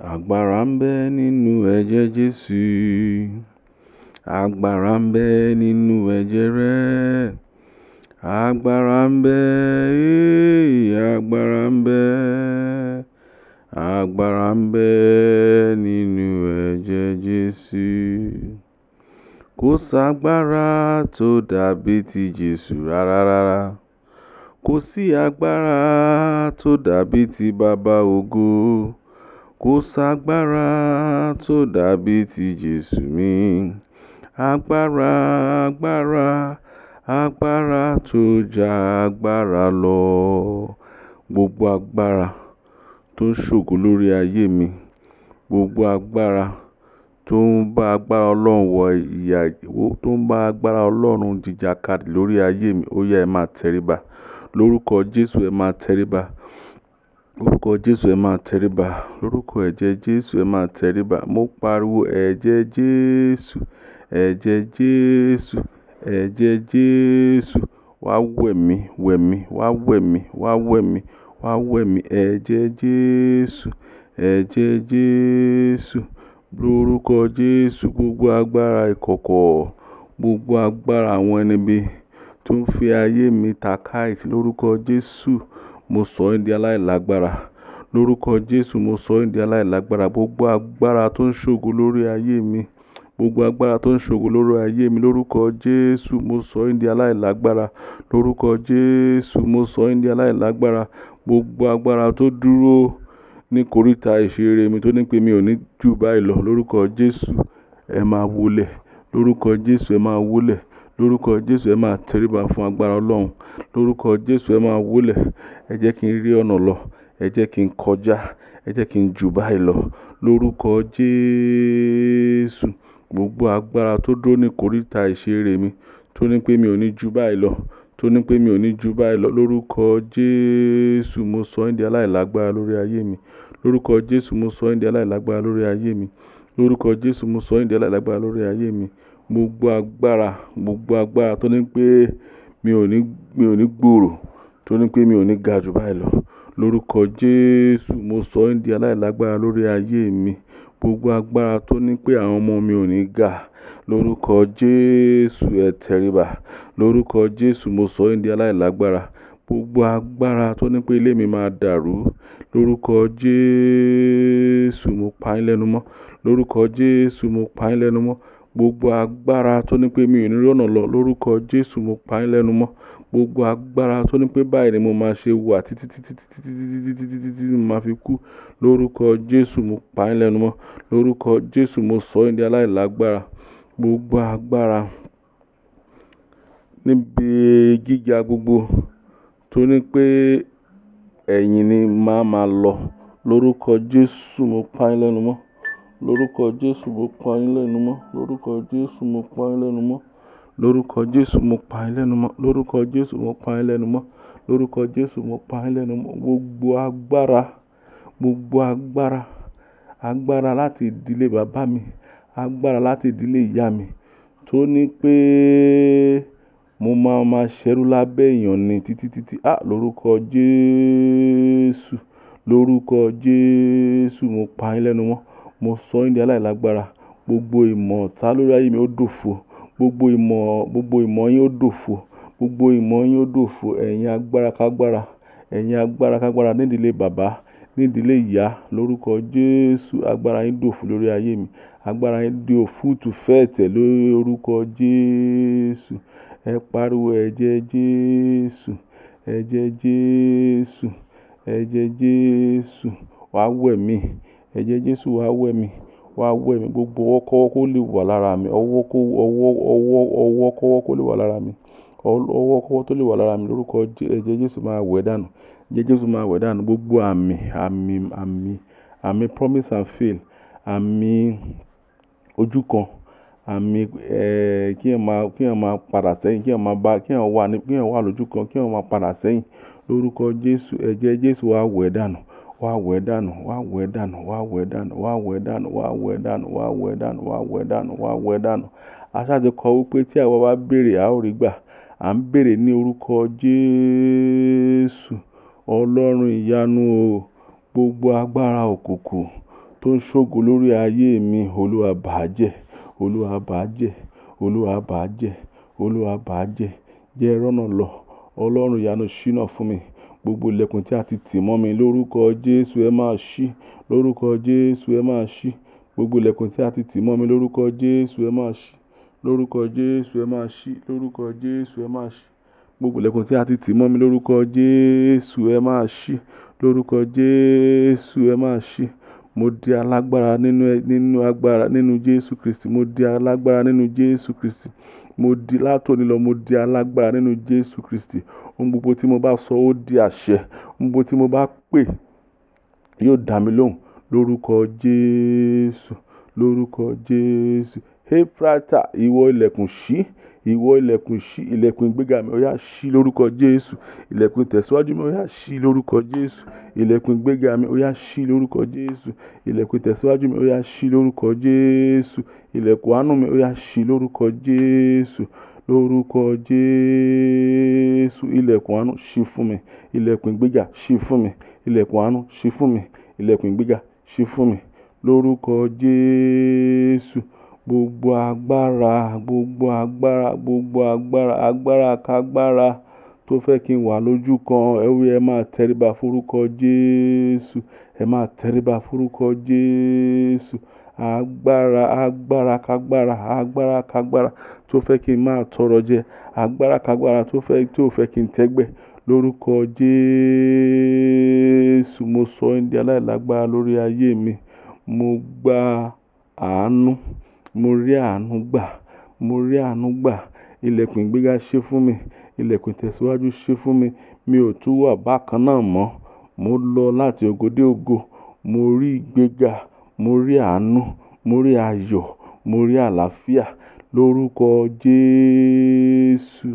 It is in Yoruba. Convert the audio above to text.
Agbara mbẹ bẹ nínú ẹ̀jẹ̀ Jésù. Agbára ń bẹ nínú ẹ̀jẹ̀ rẹ̀. Agbára ń bẹ, ee, agbara mbẹ bẹ. Agbára ń bẹ nínú ẹ̀jẹ̀ Jésù. Kò s'agbára tó dàbí ti Jesu rárá rárá. Kò sí agbára tó dàbí ti Baba ògo. Kò agbára tó dàbí ti Jésù mi, agbára, agbára, agbára tó já agbára lọ. Gbogbo agbára tó ń ṣògo lórí ayé mi, gbogbo agbára tó ń bá agbára Ọlọ́run wọ ìyà, tó ń bá agbára Ọlọ́run jìjàkadì lórí ayé mi, ó yá ẹ máa tẹríba. Lórúkọ Jésù ẹ máa tẹríba. Orúkọ Jésù ẹ máa tẹríba, lórúkọ ẹ̀jẹ̀ Jésù ẹ máa tẹríba. Mo pariwo ẹ̀jẹ̀ Jésù, ẹjẹ Jésù, ẹ̀jẹ̀ Jésù. Wá wẹ̀ mí, wẹ̀ mí, wá wẹ̀ wá Jésù, ẹjẹ Jésù. Lórúkọ Jésù gbogbo agbára ikoko, gbogbo agbára àwọn ẹnibi tó mi ta lórúkọ Jésù. mo sọ ẹ́ di aláìlágbára lórúkọ jésù mo sọ ẹ́ di aláìlágbára gbogbo agbára tó ń ṣògo lórí ayé mi gbogbo agbára tó ń ṣògo lórí ayé mi lórúkọ jésù mo sọ ẹ́ di aláìlágbára lórúkọ jésù mo sọ ẹ́ di aláìlágbára gbogbo agbára tó dúró ní koríta ìṣeré mi tó ní pé mi ò ní jù báyìí lọ lórúkọ jésù ẹ máa wólẹ̀ lórúkọ jésù ẹ máa wólẹ̀ Lórúkọ Jésù ẹ máa tẹríba fún agbára ọlọrun Lórúkọ Jésù ẹ máa wólẹ̀. Ẹ jẹ́ kí n rí ọ̀nà lọ. Ẹ jẹ kí n kọjá. Ẹ jẹ kí n jù báyìí lọ. Lórúkọ Jésù. Gbogbo agbára tó dúró ní koríta ìṣeré mi, tó ní pé mi ò ní jù báyìí lọ, tó ní pé mi ò ní jù báyìí lọ. Lórúkọ Jésù mo sọ ẹ́ di aláìlágbára lórí ayé mi. Lórúkọ Jésù mo sọ ẹ́ di aláìlágbára lórí ayé mi. Lórúkọ Jésù mo sọ ẹ́ di aláìlágbára lórí ayé mi. gbogbo agbára, gbogbo agbára tó ní pé mi ò ní, mi ò ní gbòòrò, tó ní pé mi ò ní ga ju báyìí lọ. Lórúkọ Jésù, mo sọ ọ́ di aláìlágbára lórí ayé mi. Gbogbo agbára tó ní pé àwọn ọmọ mi ò ní ga, lórúkọ Jésù ẹ tẹríba. Lórúkọ Jésù mo sọ ọ́ di aláìlágbára. Gbogbo agbára tó ní pé ilé mi máa dàrú, lórúkọ Jésù mo pa yin lẹ́nu mọ́. Lórúkọ Jésù mo pa yin lẹ́nu mọ́. Gbogbo agbára tónípé mi ò ní rọ́nà lọ lórúkọ Jésù mo paá yín lẹ́nu mọ́. Gbogbo agbára tónípé báyìí ni mo máa ṣe wà títí títí títí títí títí títí títí mo máa fi kú lórúkọ Jésù mo paá yín lẹ́nu mọ́. Lórúkọ Jésù mo sọ yín di aláìlágbára. Gbogbo agbára níbi gíga gbogbo tónípé ẹ̀yìn ni màá máa lọ lórúkọ Jésù mo paá yín lẹ́nu mọ́ lórúkọ Jésù mo pa yín lẹ́nu mọ́ lórúkọ Jésù mo pa yín lẹ́nu mọ́ lórúkọ Jésù mo pa yín lẹ́nu mọ́ lórúkọ Jésù mo pa yín lẹ́nu mọ́ lórúkọ Jésù mo pa yín lẹ́nu mọ́ gbogbo agbára gbogbo agbára agbára láti ìdílé bàbá mi agbára láti ìdílé ìyá mi tó ní pé mo máa ma ṣẹ́rú lábẹ́ èèyàn ni títí títí à ah, lórúkọ Jésù lórúkọ Jésù mo pa yín lẹ́nu mọ́ Mo sọ yín di aláìlágbára. Gbogbo ìmọ̀ ọ̀tá lórí ayé mi ó dòfo. Gbogbo ìmọ̀, gbogbo ìmọ̀ yín ó dòfo. Gbogbo ìmọ̀ yín ó dòfo. Ẹ̀yin agbára-kágbára, ẹ̀yin agbára-kágbára ní bàbá, ní ìyá, lórúkọ Jésù. Agbára yín dòfo lórí ayé mi. Agbára yín fẹ́ẹ̀tẹ̀ lórí orúkọ pariwo ẹ̀jẹ̀ Jésù, ẹ̀jẹ̀ Jésù, ẹ̀jẹ̀ Jésù. Wàá wẹ̀ mí. Ẹ̀jẹ̀ Jésù wá wẹ̀ mí, wá wẹ̀ mí. Gbogbo ọwọ́kọ́wọ́ kó lè wà lára mi. Ọwọ́kọ́wọ́ ọwọ́ ọwọ́ ọwọ́kọ́wọ́ kó lè wà lára mi. Ọwọ́kọ́wọ́ tó lè wà lára mi lórúkọ ẹ̀jẹ̀ Jésù máa wẹ̀ dànù. Ẹ̀jẹ̀ Jésù máa wẹ̀ dànù gbogbo àmì, àmì, àmì, àmì promise and fail, àmì ojú kan, àmì, ẹ́, kí èèyàn máa, kí èèyàn máa padà sẹ́yìn, kí èèyàn máa bá, kí èèyàn wà ní, kí èèyàn wà lójú kan, kí èèyàn máa padà sẹ́yìn lórúkọ Jésù. Ẹ̀jẹ̀ Jésù wá wẹ̀ dànù. wa wẹ̀ dànù wá wẹ̀ dànù wá wẹ̀ dànù wá wẹ̀ dànù wá wẹ̀ dànù wá wẹ̀ dànù wá wẹ̀ dànù wá wẹ̀ dànù aṣáájú kọ wípé tí a ó a ń béèrè ní orúkọ o gbogbo agbára òkùnkùn tó ń ṣògo lórí ayé mi Olúwa bàájẹ́ Olúwa bàájẹ́ Olúwa bàájẹ́ lọ ìyanu ṣínà fún mi Gbogbo ìlẹ̀kùn tí a ti tì mọ́ mi lórúkọ Jesu ẹ máa sí, lórúkọ Jesu ẹ máa sí. Gbogbo ìlẹ̀kùn tí a ti tì mọ́ mi lórúkọ Jesu ẹ máa sí, lórúkọ Jesu ẹ máa sí, lórúkọ Jesu ẹ máa sí. Gbogbo ìlẹ̀kùn tí a ti tì mọ́ mi lórúkọ Jesu ẹ máa sí, lórúkọ Jesu ẹ máa sí. Mo di alágbára nínú Jesu Kristi, mo di alágbára nínú Jesu Kristi, mo di látòní lọ mo di alágbára nínú Jesu Kristi. Ohun gbogbo tí mo bá sọ ó di àṣẹ. Ohun gbogbo tí mo bá pè yóò dá mi lóhùn lórúkọ Jesu, lórúkọ Jesu. Ephrata, ìwọ ilẹ̀kùn si ìwọ ilẹ̀kùn ṣí ilẹ̀kùn ìgbéga mi ó yá ṣí lórúkọ Jésù ilẹ̀kùn ìtẹ̀síwájú mi ó yá ṣí lórúkọ Jésù ilẹ̀kùn ìgbéga mi ó yá ṣí lórúkọ Jésù ilẹ̀kùn ìtẹ̀síwájú mi ó yá ṣí lórúkọ Jésù ilẹ̀kùn àánú mi ó yá ṣí lórúkọ Jésù lórúkọ Jésù ilẹ̀kùn àánú ṣí fún mi ilẹ̀kùn ìgbéga ṣí fún mi ilẹ̀kùn àánú ṣí fún mi ilẹ̀kùn ìgbéga ṣí fún mi lórúkọ Jésù Gbogbo agbára, gbogbo agbára, gbogbo agbára, fekin tó fẹ́ kí n wà lójúkan, ó yẹ máa tẹríba fórúkọ Jésù. Ẹ máa tẹríba fórúkọ Jésù. Agbára, agbárakágbára, agbárakágbára tó fẹ́ kí n máa tọrọ jẹ, agbárakágbára tó fẹ́, fẹ́ kí n Mo sọ di aláìlágbára lórí ayé mi. Mo gba àánú. Mo rí àánú gbà, mo rí àánú gbà. Ìlẹ̀kùn ìgbéga sí fún mi, ìlẹ̀kùn ìtẹ̀síwájú sí fún mi. Mi ò tún wà bákan náà mọ́. Mo lọ láti ògo dé ògo. Mo rí ìgbéga, mo rí àánú, mo rí ayọ̀, mo rí àlàáfíà lórúkọ Jésù.